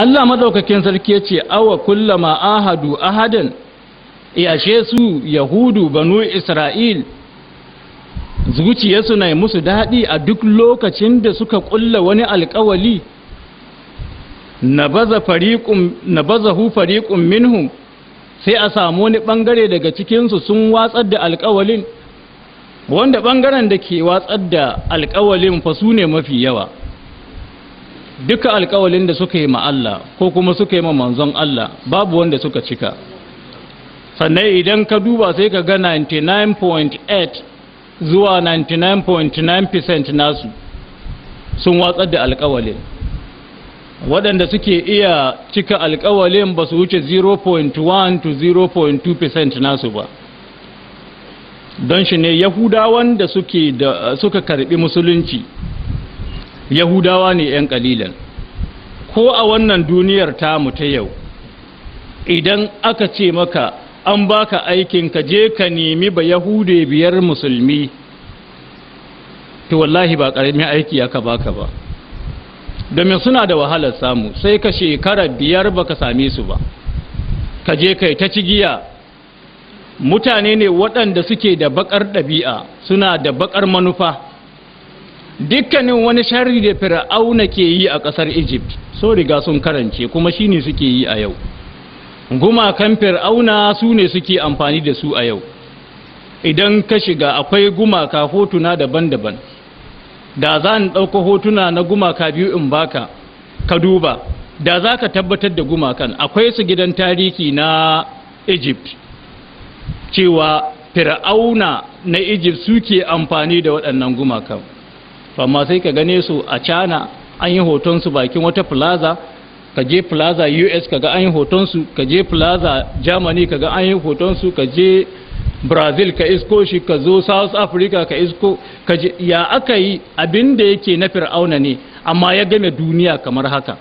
Allah madaukakin sarki yace ce awa kullama ahadu ahadan yashe e, su yahudu banu isra'il zuciyarsu na musu daɗi a duk lokacin da suka ƙulla wani alƙawali na baza hu fariƙun minhum sai a samu wani ɓangare daga cikinsu sun watsar da alƙawalin wanda ɓangaren da ke watsar da alƙawalin fa su ne mafi yawa duka alkawalin da suka yi ma Allah ko kuma suka yi ma manzon Allah babu wanda suka cika sannan idan ka duba sai ka ga 99.8 zuwa 99.9% nasu sun watsar da alkawalin waɗanda suke iya cika alkawalin ba su wuce 0.1 to 0.2% nasu ba don shi ne yahudawan da suka karɓi musulunci yahudawa ne 'yan kalilan ko a wannan duniyar tamu ta yau idan aka ce maka an baka aikin ka je ka nemi ba yahude biyar musulmi to wallahi ba ƙaramin aiki aka baka ba domin suna da wahalar samu sai ka shekara biyar baka same su ba ka je kai ta cigiya mutane ne waɗanda suke da baƙar ɗabi'a suna da baƙar manufa dukkanin wani sharri da fir'auna ke yi a ƙasar egypt so riga sun karance kuma shine suke yi a yau gumakan fir'auna su ne suke amfani da su a yau idan ka shiga akwai gumaka hotuna daban-daban da za ni ɗauka hotuna na gumaka biyu in baka ka duba da za ka tabbatar da gumakan akwai su gidan tarihi na egypt cewa fir'auna na egypt suke amfani da waɗannan gumakan amma sai ka gane su a cana an yi hotonsu bakin wata plaza ka je plaza us kaga an yi hotonsu ka je plaza germany kaga an yi hotonsu ka je brazil ka isko shi ka zo south africa ka isko ka je ya aka yi abin da yake na fir'auna ne amma ya game duniya kamar haka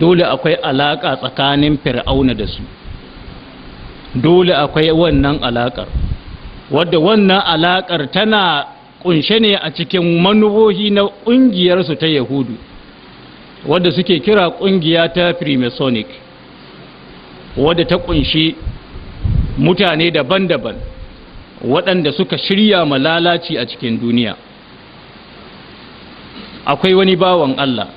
dole akwai alaka tsakanin fir'auna da su dole akwai wannan alakar wadda wannan alakar tana kunshe ne a cikin manubohi na ƙungiyarsu ta yahudu wadda suke kira ƙungiya ta freemasonic wadda ta kunshi mutane daban-daban waɗanda suka shirya ma lalaci a cikin duniya akwai wani bawan Allah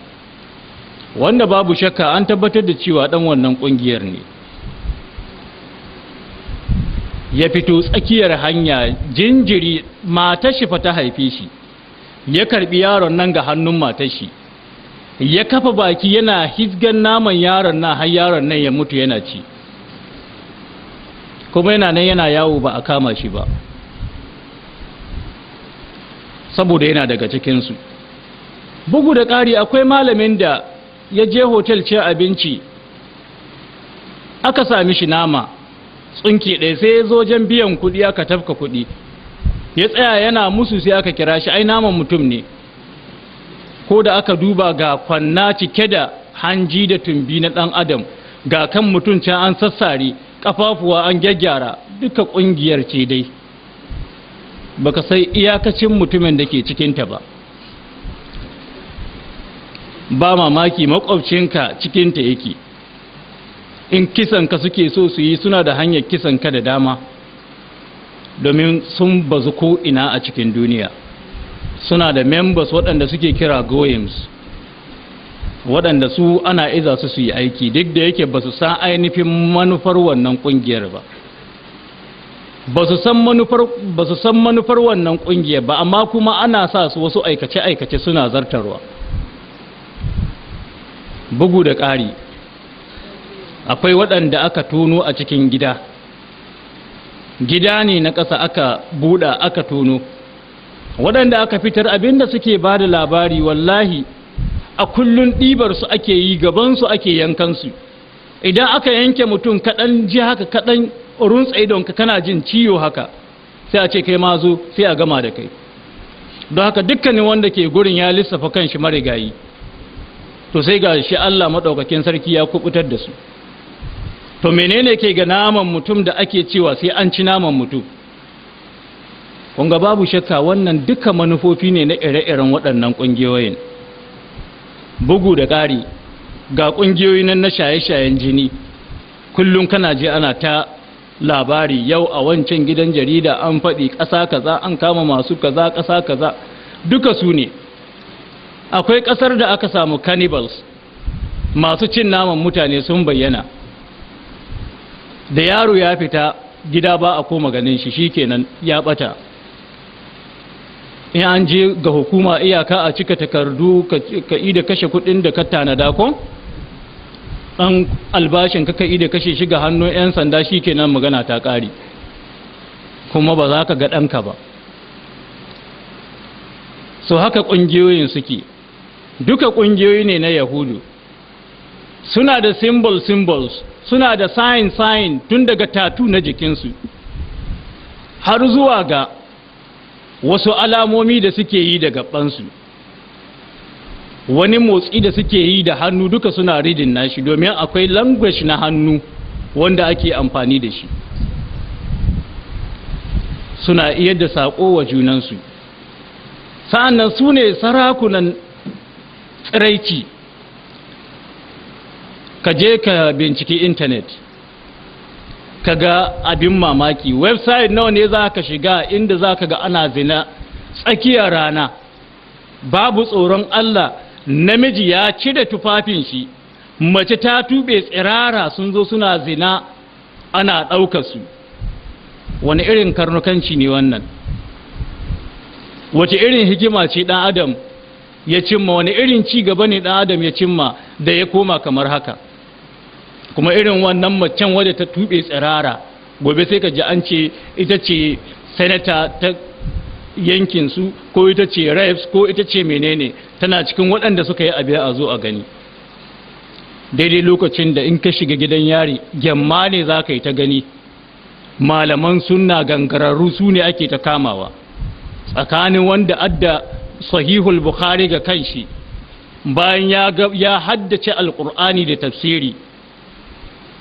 wanda babu shakka an tabbatar da cewa ɗan wannan ƙungiyar ne ya fito tsakiyar hanya jinjiri matashi fa ta haife shi ya karbi yaron nan ga hannun shi ya kafa baki yana hizgan naman yaron nan har yaron nan ya mutu yana ci kuma yana nan yana yawo ba a kama shi ba saboda yana daga cikinsu bugu da ƙari akwai malamin da ya je hotel ce abinci aka sami shi nama tsinki ɗaya sai ya zo jan biyan kuɗi aka tafka kuɗi ya tsaya yana musu sai aka kira shi ai naman mutum ne ko da aka duba ga kwanna cike da hanji da tumbi na ɗan adam ga kan mutum can an sassare ƙafafuwa an gyaggyara duka ƙungiyar ce dai baka sai iyakacin mutumin da ke cikinta ba ba mamaki makwabcinka cikinta yake in kisan ka suke so su yi suna da hanyar kisan ka da dama domin sun bazu ko ina a cikin duniya suna da members waɗanda suke kira goyims waɗanda su ana iza su su yi aiki duk da yake ba su san ainihin manufar wannan ƙungiyar ba ba su san manufar wannan ƙungiyar ba amma kuma ana sa su wasu aikace-aikace suna zartarwa bugu da ƙari akwai waɗanda aka tono a cikin gida gida ne na ƙasa aka buɗa aka tono. waɗanda aka fitar abinda suke ba da labari wallahi a kullun ɗibarsu ake yi gabansu ake yankansu idan aka yanke mutum kaɗan ji haka kaɗan runtsa donka kana jin ciwo haka sai a ce kai ma zo sai a gama da kai don haka dukkanin wanda ke gurin ya lissafa kan shi marigayi to sai ga shi Allah maɗaukakin sarki ya kubutar da su to menene ke ga naman mutum da ake cewa sai an ci naman mutum kunga babu shakka wannan duka manufofi ne na ire-iren waɗannan ƙungiyoyin bugu da ƙari ga ƙungiyoyin na shaye-shayen jini kullum kana je ana ta labari yau a wancan gidan jarida an faɗi ƙasa kaza an kama masu kaza ƙasa kaza duka su ne akwai ƙasar da aka samu cannibals masu cin naman mutane sun bayyana da yaro ya fita gida ba a koma ganin shi shikenan ya bata in an je ga hukuma iyaka a cika takardu ka ida kashe kudin da ka tanada ko an albashin ka ka ida kashe shi ga hannun 'yan sanda shikenan magana ta kare kuma ba za ka ga ɗanka ba so haka ƙungiyoyin suke duka ƙungiyoyi ne na yahudu suna da symbol symbols suna da sayin sayin tun daga tatu na jikinsu har zuwa ga wasu alamomi da suke yi da gabansu wani motsi da suke yi da hannu duka suna ridin nashi domin akwai language na hannu wanda ake amfani da shi suna iya da saƙo wa junansu sa'annan su ne sarakunan tsiraici ka je ka binciki intanet ka ga abin mamaki website nawa ne za ka shiga inda za ka ga ana zina tsakiyar rana babu tsoron allah namiji ya ci da tufafin shi mace ta tube tsirara sun zo suna zina ana ɗaukar su wani irin karnukanci ne wannan wace irin hikima ce ɗan adam ya cimma wani irin ci gaba ne ɗan adam ya cimma da ya koma kamar haka kuma irin wannan macen wadda ta tuɓe tsirara gobe sai ka ji an ce ita ce senator ta yankinsu ko ita ce reps ko ita ce menene tana cikin waɗanda suka yi abin a zo a gani daidai lokacin da in ka shiga gidan yari gyamma ne za ka yi ta gani malaman suna gangararru su ne ake ta kamawa tsakanin wanda adda sahihul bukhari ga kanshi bayan ya haddace alkur'ani da tafsiri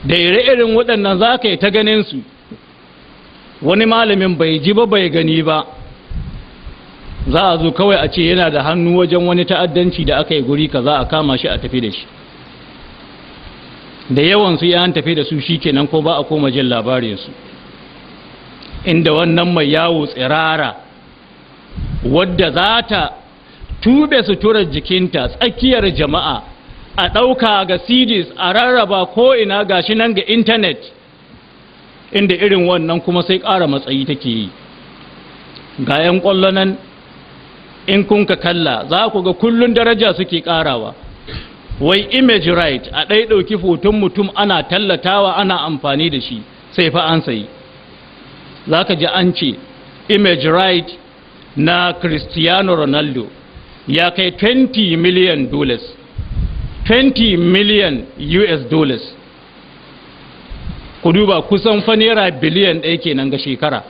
da ire-irin waɗannan za ka yi ta ganinsu wani malamin bai ji ba bai gani ba za a zo kawai a ce yana da hannu wajen wani ta'addanci da aka yi guri ka za a kama shi a tafi da shi da yawansu su an tafi da su shi kenan ko ba a koma jin labarinsu inda wannan mai yawo tsirara wadda za ta tube suturar jikinta tsakiyar jama'a a ɗauka ga cds a rarraba ko'ina shi nan ga intanet inda irin wannan kuma sai ƙara matsayi take yi ga 'yan ƙwallo nan in kun ka kalla za ku ga kullun daraja suke ƙarawa wai image right a ɗai ɗauki hoton mutum ana tallatawa ana amfani da shi sai fa an sayi za ka ji an ce image right na cristiano ronaldo ya kai 20 million dollars 20 million US dollars ku duba kusan fa naira biliyan ɗaya kenan ga shekara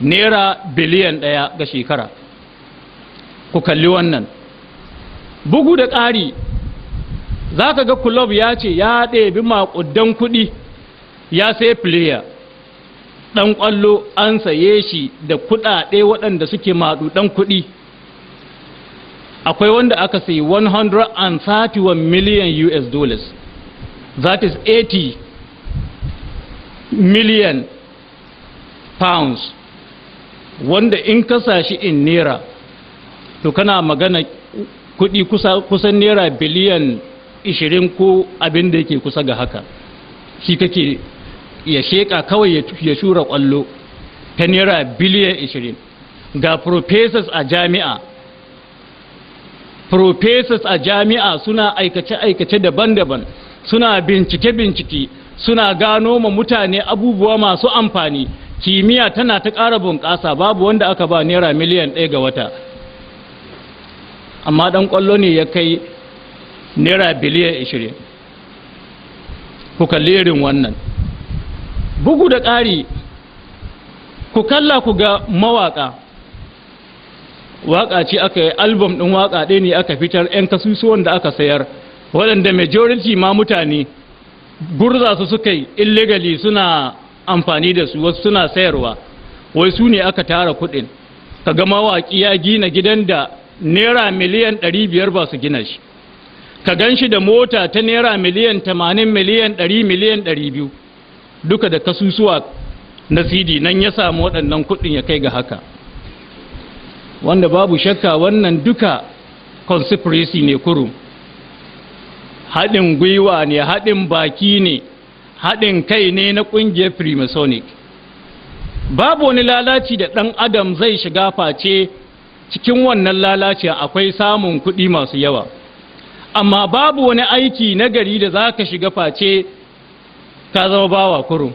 naira biliyan ɗaya ga shekara ku kalli wannan bugu da ƙari za ka ga kulob ya ce ya ɗebi maƙudan kuɗi ya sai player ɗan ƙwallo an saye shi da kuɗaɗe waɗanda suke maɗuɗan kuɗi akwai wanda aka sayi 131 million US dollars that is 80 million pounds wanda in sashi in naira to kana magana kudi kusan naira biliyan 20 ko abin da yake kusa ga haka shi kake ya sheka kawai ya shura kwallo ta naira biliyan 20 ga professors a jami'a professors a jami'a suna aikace-aikace daban-daban suna bincike-bincike suna gano ma mutane abubuwa masu amfani kimiyya tana ta ƙara bunƙasa babu wanda aka ba naira miliyan ɗaya ga wata amma ɗan ƙwallo ne ya kai naira biliyan ashirin ku kalli wannan bugu da ƙari ku kalla ku ga mawaƙa waka ce aka yi album ɗin waka ɗaya ne aka fitar 'yan kasusuwan da aka sayar waɗanda majority ma mutane gurza su suka yi illegally suna amfani da su wasu suna sayarwa wai su ne aka tara kuɗin ka ga mawaƙi ya gina gidan da naira miliyan 500 ba su gina shi ka gan shi da mota ta naira miliyan 80 miliyan 100 miliyan 200 duka da kasusuwa na cd nan ya samu waɗannan kuɗin ya kai ga haka wanda babu shakka wannan duka conspiracy ne kurum haɗin gwiwa ne haɗin baki ne haɗin kai ne na ƙungiyar freemasonic babu wani lalaci da ɗan adam zai shiga face cikin wannan lalaci akwai samun kuɗi masu yawa amma babu wani aiki na gari da zaka shiga face ka zama bawa kurum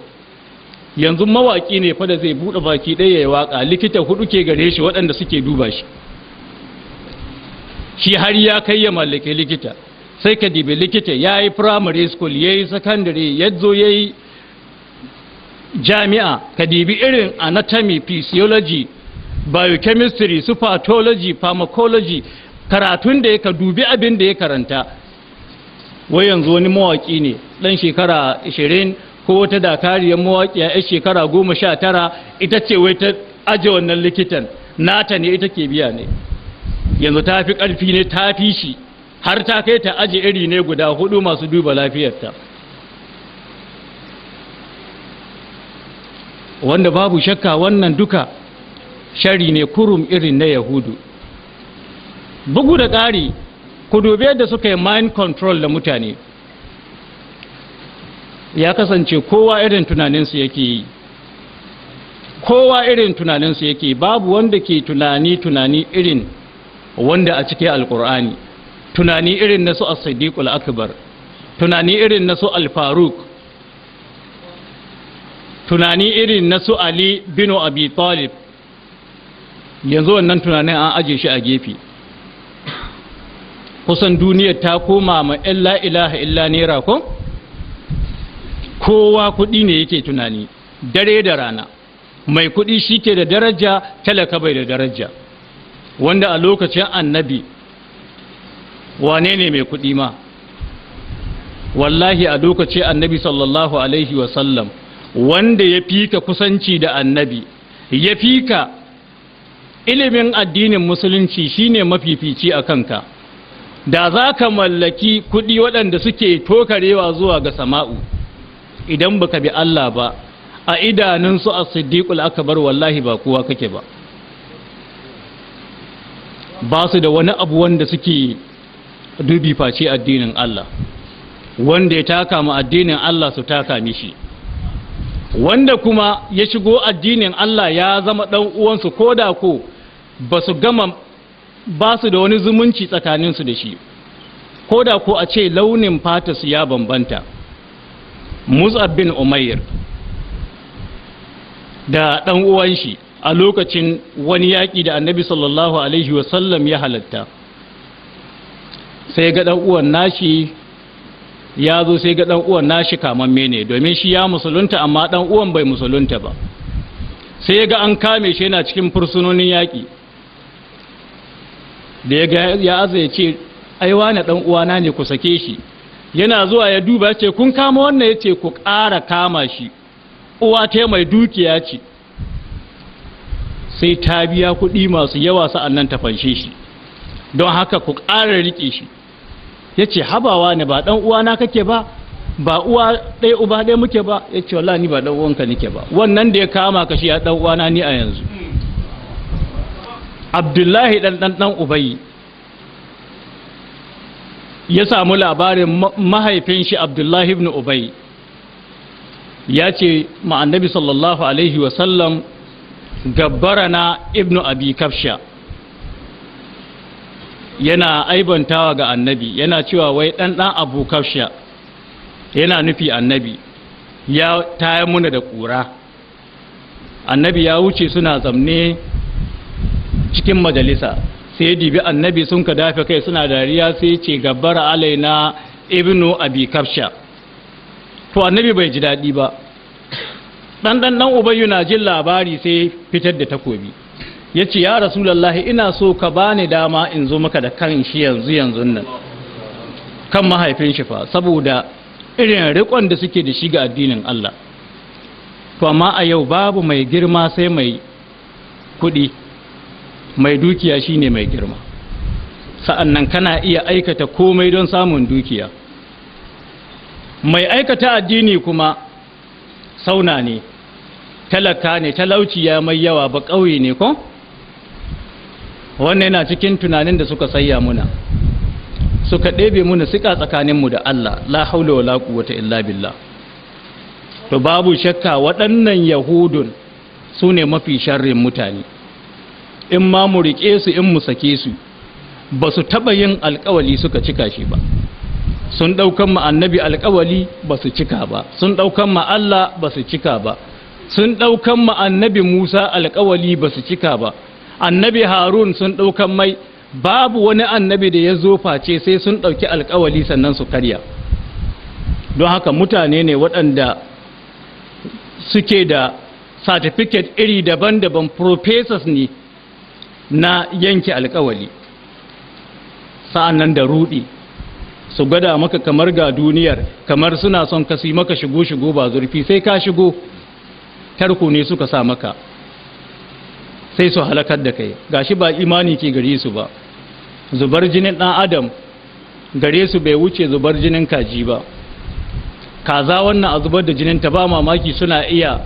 yanzu mawaƙi ne fa da zai buɗe baki ɗaya ya waka likita hudu ke gare shi waɗanda suke duba shi shi har ya kai ya mallake likita sai ka dibi likita ya yi primary school ya yi secondary ya zo ya yi jami'a ka dibi irin anatomy physiology biochemistry su pathology pharmacology karatun da ya ka dubi abin da ya karanta wai yanzu wani mawaki ne ɗan shekara 20 ko wata dakariyar mawaƙiya ya shekara goma sha tara ita ce wai ta aje wannan likitan nata ne ita ke biya ne yanzu ta fi ƙarfi ne ta fi shi har ta kai ta aje iri ne guda hudu masu duba lafiyarta wanda babu shakka wannan duka shari ne kurum irin na yahudu bugu da ƙari ku dube da suka yi mind control da mutane ya kasance kowa irin tunaninsu yake yi kowa irin tunaninsu yake babu wanda ke tunani tunani irin wanda a cikin alkur'ani tunani irin na su as-siddiqul akbar tunani irin na su al-faruq tunani irin na su ali bin abi talib yanzu wannan tunanin an aje shi a gefe kusan duniyar ta koma ma illa ilaha illa nera ko kowa kuɗi ne yake tunani dare da rana mai kuɗi shi ke da daraja talaka bai da daraja wanda a lokacin annabi wane ne mai kuɗi ma wallahi a lokacin annabi sallallahu alaihi wasallam wanda ya fika kusanci da annabi ya fika ilimin addinin musulunci shine mafifici a kanka da za ka mallaki kuɗi waɗanda suke tokarewa zuwa ga sama'u idan baka bi Allah ba a idanun su a siddiƙul akabar wallahi ba kowa kake ba ba su da wani abu wanda suke dubi face addinin Allah wanda ya taka mu addinin Allah su taka mishi wanda kuma ya shigo addinin Allah ya zama ɗan uwansu ko da ko ba su gama ba su da wani zumunci tsakaninsu da shi ko da ko a ce launin fata ya bambanta mus'ab bin umair da ɗan uwan shi a lokacin wani yaƙi da annabi sallallahu alaihi wasallam ya halatta sai ga ɗan uwan nashi ya zo sai ga ɗan uwan nashi kaman ne domin shi ya musulunta amma ɗan uwan bai musulunta ba sai ga an kame shi yana cikin fursunonin yaƙi da ya ga ya ce aiwa na ɗan uwana ne ku sake shi yana zuwa ya duba ya ce kun kama wannan ya ce ku ƙara kama shi uwa ta mai dukiya ce sai ta biya kuɗi masu yawa sa'annan ta fanshe shi don haka ku ƙara riƙe shi ya ce habawa ne ba ɗan uwana kake ba ba uwa ɗaya uba ɗaya muke ba ya ce wala ni ba ɗan uwanka nake ba wannan da ya kama ka shi ya ɗan uwana ni a yanzu hmm. abdullahi ɗan ɗan ɗan ubayi ya samu labarin mahaifin shi abdullahi ibn ubai ya ce ma'annabi sallallahu alaihi wasallam na ibn abi kafsha yana aibantawa ga annabi yana cewa wai ɗanɗan abu kafsha yana nufi annabi ya taya muna da ƙura annabi ya wuce suna zamne cikin majalisa sai ya dibi annabi sun ka dafe kai suna dariya sai ce gabar alaina ibnu abi kafsha to annabi bai ji daɗi ba dan dan dan ubayyu na jin labari sai fitar da takobi yace ya rasulallahi ina so ka bani dama in zo maka da kan shi yanzu yanzu nan kan mahaifin shi fa saboda irin riƙon da suke da shi ga addinin Allah to amma a yau babu mai girma sai mai kuɗi mai dukiya shine mai girma sa'annan kana iya aikata komai don samun dukiya mai aikata addini kuma sauna ne talaka ne talauci mai yawa ba ƙauye ne ko wannan yana cikin tunanin da suka sayya muna suka ɗebe muna suka tsakaninmu da Allah la haula wala quwwata illa billah to babu shakka waɗannan yahudun su ne mafi sharrin mutane in ma mu riƙe su in mu sake su ba su taɓa yin alƙawali suka cika shi ba sun ɗaukan ma annabi alƙawali ba su cika ba sun ɗaukan ma Allah ba su cika ba sun ɗaukan ma annabi Musa alƙawali ba su cika ba annabi Harun sun ɗaukan mai babu wani annabi da ya zo face sai sun ɗauki alƙawali sannan su karya don haka mutane ne waɗanda suke da certificate iri daban-daban professors ne na yanke alkawali sa'an nan da rudi su gwada maka kamar ga duniyar kamar suna son ka su maka shigo-shigo ba zurfi sai ka shigo tarko ne suka sa maka sai su halakar da kai Ga shi ba imani ke gare su ba zubar jinin ɗan adam gare su bai wuce zubar jinin kaji ba kaza wannan a zubar da ta ba mamaki suna iya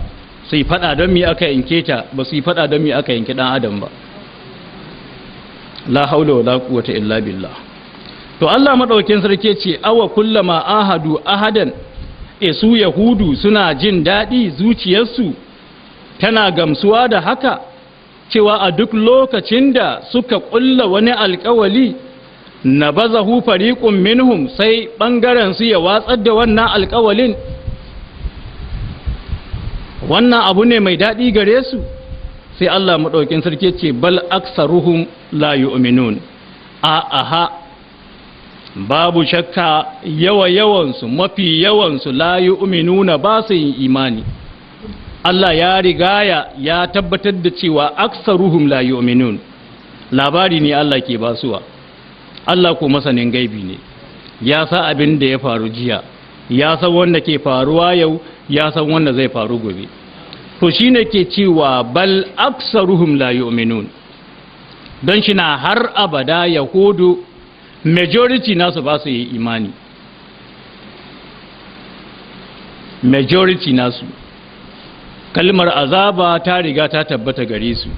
su yi fada don mi aka yanke ta ba su yi fada don mi aka yanke ɗan adam ba la haula wala quwwata illa billah to Allah madaukakin sarki ce awa kullama ahadu ahadan e su yahudu suna jin daɗi zuciyarsu tana gamsuwa da haka cewa a duk lokacin da suka ƙulla wani alkawali na baza fariƙun minhum sai su ya watsar da wannan alkawalin wannan abu ne mai daɗi gare su sai Allah maɗaukin sarki ce bal aksaruhum la yu'minun a aha babu shakka yawa yawansu mafi yawansu la yu'minuna ba su yin imani Allah ya rigaya ya tabbatar da cewa aksaruhum la yu'minun labari ne Allah ke basuwa Allah ko masanin gaibi ne ya sa abin da ya faru jiya ya san wanda ke faruwa yau ya san wanda zai faru gobe to shine ke cewa bal aksaruhum la yu'minun don shi na har abada Yahudo majority nasu ba su yi imani majority nasu kalmar azaba ta riga ta tabbata gare su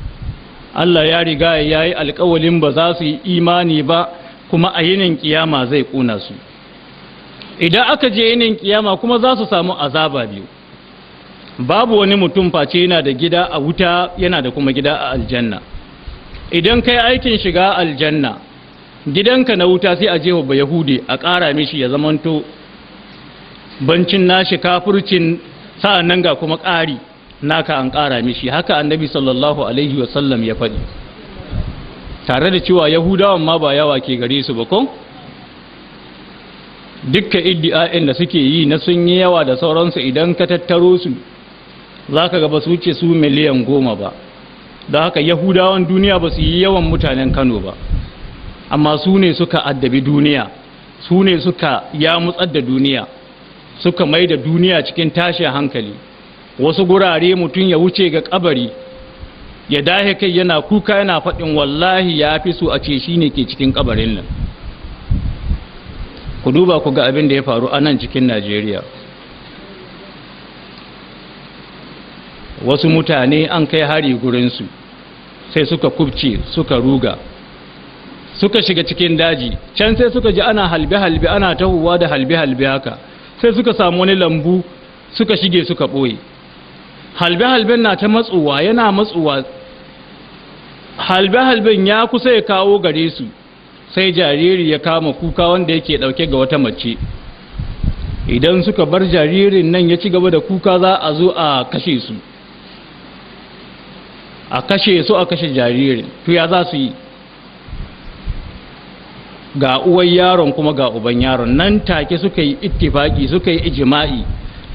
Allah ya riga ya yi alkawalin ba za su yi imani ba kuma a yinin kiyama zai ƙuna su idan aka je yinin kiyama kuma za su samu azaba biyu babu wani mutum face yana da gida a wuta yana da kuma gida a aljanna idan kai aikin shiga aljanna gidanka na wuta sai a je ba yahudi a ƙara mishi ya zamanto bancin nashi kafircin sa'an nan ga kuma ƙari naka an ƙara mishi haka annabi sallallahu alaihi wasallam ya faɗi tare da cewa yahudawan ma ba yawa ke gare su ba ko dukkan iddi'a'in da suke yi na sun yi yawa da sauransu idan ka tattaro su za ka gaba su ce su miliyan goma ba da haka yahudawan duniya ba su yi yawan mutanen kano ba amma su ne suka addabi duniya su ne suka ya mutsar da duniya suka mai da duniya cikin tashin hankali wasu gurare mutum ya wuce ga kabari ya dahe kai yana kuka yana faɗin wallahi ya fi su a ce shi ne ke cikin kabarin nan ku duba ku ga abin da ya faru a nan cikin najeriya wasu mutane an kai hari gurinsu sai suka kubce suka ruga suka shiga cikin daji can sai suka ji ana halbe-halbe ana tahowa da halbe-halbe haka sai suka samu wani lambu suka shige suka ɓoye halbe-halben na ta matsuwa yana matsuwa halbe-halben ya kusa ya kawo gare su sai jariri ya kama kuka wanda yake ɗauke ga wata mace idan suka bar jaririn nan ya ci gaba da kuka za a zo a kashe su a kashe su a kashe jaririn to ya za su yi ga uwan yaron kuma ga uban yaron nan take suka yi ittifaki suka yi ijima'i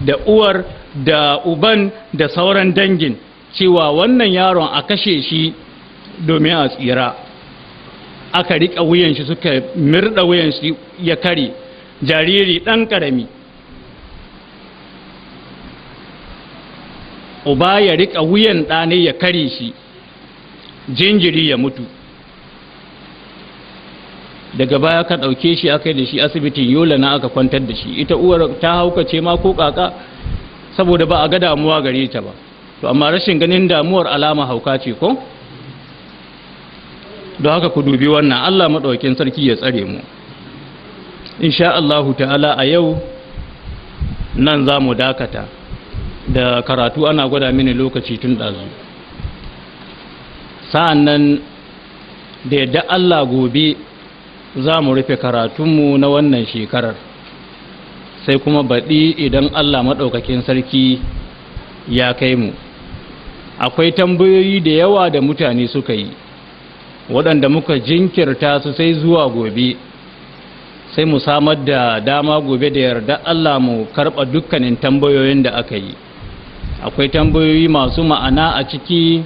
da uwar da uban da sauran dangin cewa wannan yaron a kashe shi domin a tsira aka riƙa wuyan shi suka mirda wuyan shi ya kare jariri dan ƙarami uba ya riƙa wuyan ɗane ya kare shi jinjiri ya mutu daga baya ka ɗauke shi aka yi da shi asibitin yola na aka kwantar da shi ita uwar ta haukace ma ko kaka saboda ba a ga damuwa gare ta ba to amma rashin ganin damuwar alama hauka ce ko don haka ku dubi wannan allah maɗaukin sarki ya tsare mu insha allahu ta'ala a yau nan za mu dakata da karatu ana gwada mini lokaci tun ɗazu sa'an nan da yadda Allah gobe za mu rufe karatunmu na wannan shekarar sai kuma baɗi idan Allah maɗaukakin sarki ya kai mu akwai tambayoyi da yawa da mutane suka yi waɗanda muka jinkirta su sai zuwa gobe sai mu samar da dama gobe da yarda Allah mu karɓa dukkanin tambayoyin da aka yi akwai tambayoyi masu ma'ana a ciki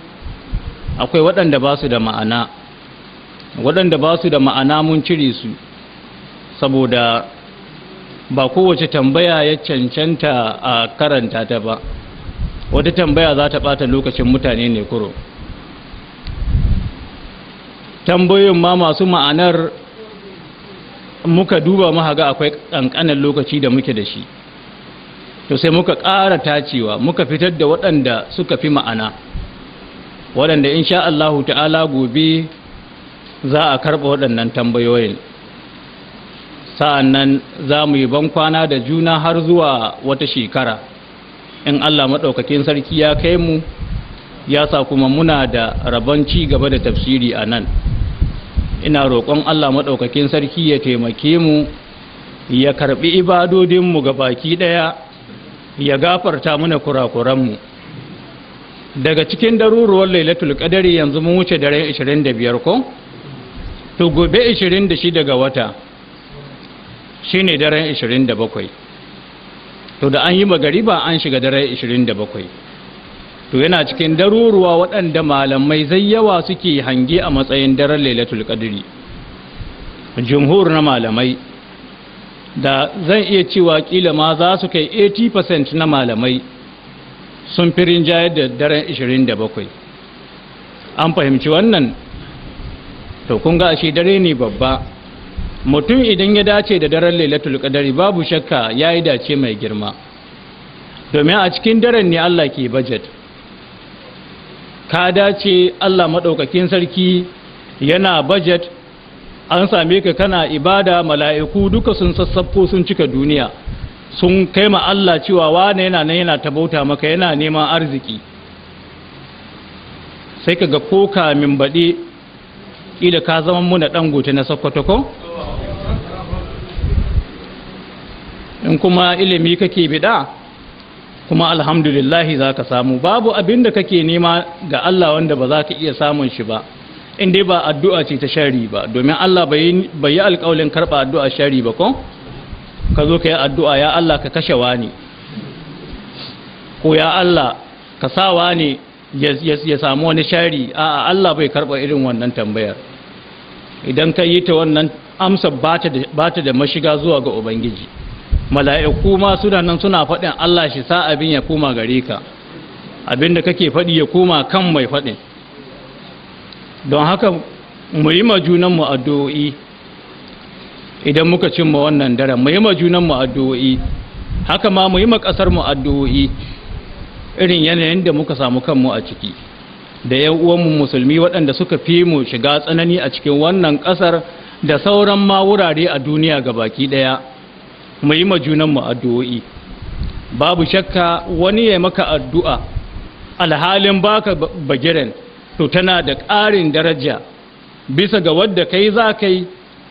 akwai waɗanda ba su da ma'ana waɗanda ba su da ma'ana mun cire su saboda ba kowace tambaya ya cancanta a karanta ta ba wata tambaya za ta ɓata lokacin mutane ne kuro tambayoyin ma masu ma'anar muka duba ma mahaga akwai ƙanƙanin lokaci da muke da shi to sai muka ƙara tacewa muka fitar da waɗanda suka fi ma'ana waɗanda in sha Allahu ta'ala gobe za a karɓa waɗannan tambayoyin Sa'an nan za mu yi bankwana da juna har zuwa wata shekara in Allah maɗaukakin sarki ya kai mu ya sa kuma muna da rabon ci gaba da tafsiri a nan ina roƙon Allah maɗaukakin sarki ya taimake mu ya karɓi ibadodinmu ga baki ɗaya ya gafarta mana kurakuranmu daga cikin daruruwar lailatul qadari yanzu mun wuce daren 25 ko to gobe 26 ga wata shine daren 27 to da an yi magariba an shiga daren 27 to yana cikin daruruwa waɗanda malamai zai yawa suke hange a matsayin daren lailatul qadari jumhur na malamai da zan iya cewa kila ma za su kai 80% na malamai sun fi jayar da daren 27 an fahimci wannan to kun ga ashe dare ne babba mutum idan ya dace da daren lailatul qadari babu shakka ya yi dace mai girma domin a cikin daren ne Allah ke budget ka dace Allah maɗaukakin sarki yana budget an same ka kana ibada mala'iku duka sun sassafo sun cika duniya sun kai ma Allah cewa wane yana nan yana tabauta maka yana neman arziki sai ka ga ko kamin baɗi ƙila ka zama muna gote na sakwatako in kuma ilimi kake biɗa, kuma alhamdulillahi za ka samu babu abin da kake nema ga Allah wanda ba za ka iya samun shi ba in dai ba addu'a ce ta shari ba domin Allah bai yi alƙawalin karɓa addu'a shari ba ko ka zo ka yi addu'a ya Allah ka kashe wani ko ya Allah ka sa wani ya samu wani shari a Allah bai karɓa irin wannan tambayar idan ka yi ta wannan amsa ba ta da mashiga zuwa ga ubangiji mala'iku ma suna nan suna faɗin Allah shi sa abin ya koma gare ka abin da kake faɗi ya koma kan mai faɗin don haka mu yi junanmu addu'o'i idan muka cimma wannan daren mu yi junanmu addu'o'i haka ma mu yi ma ƙasarmu addu'o'i irin yanayin da muka samu kanmu a ciki da yan uwanmu musulmi waɗanda suka fi mu shiga tsanani a cikin wannan ƙasar da sauran ma wurare a duniya ga baki ɗaya mu yi ma junanmu addu'o'i babu shakka wani ya maka addu'a alhalin baka bagiren to tana da ƙarin daraja bisa ga wadda kai za ka yi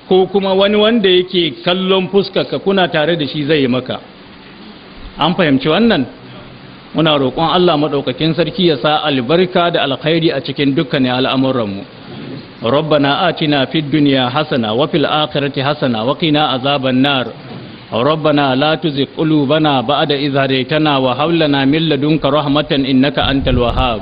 ko kuma wani wanda yake kallon fuska ka kuna tare da shi zai yi maka an fahimci wannan muna roƙon Allah maɗaukakin sarki ya sa albarka da alkhairi a cikin dukkanin al'amuranmu rabbana atina fid dunya hasana wa fil akhirati hasana wa qina azaban nar ربنا لا تزغ قلوبنا بعد إذ هديتنا وهب لنا من لدنك رحمة إنك أنت الوهاب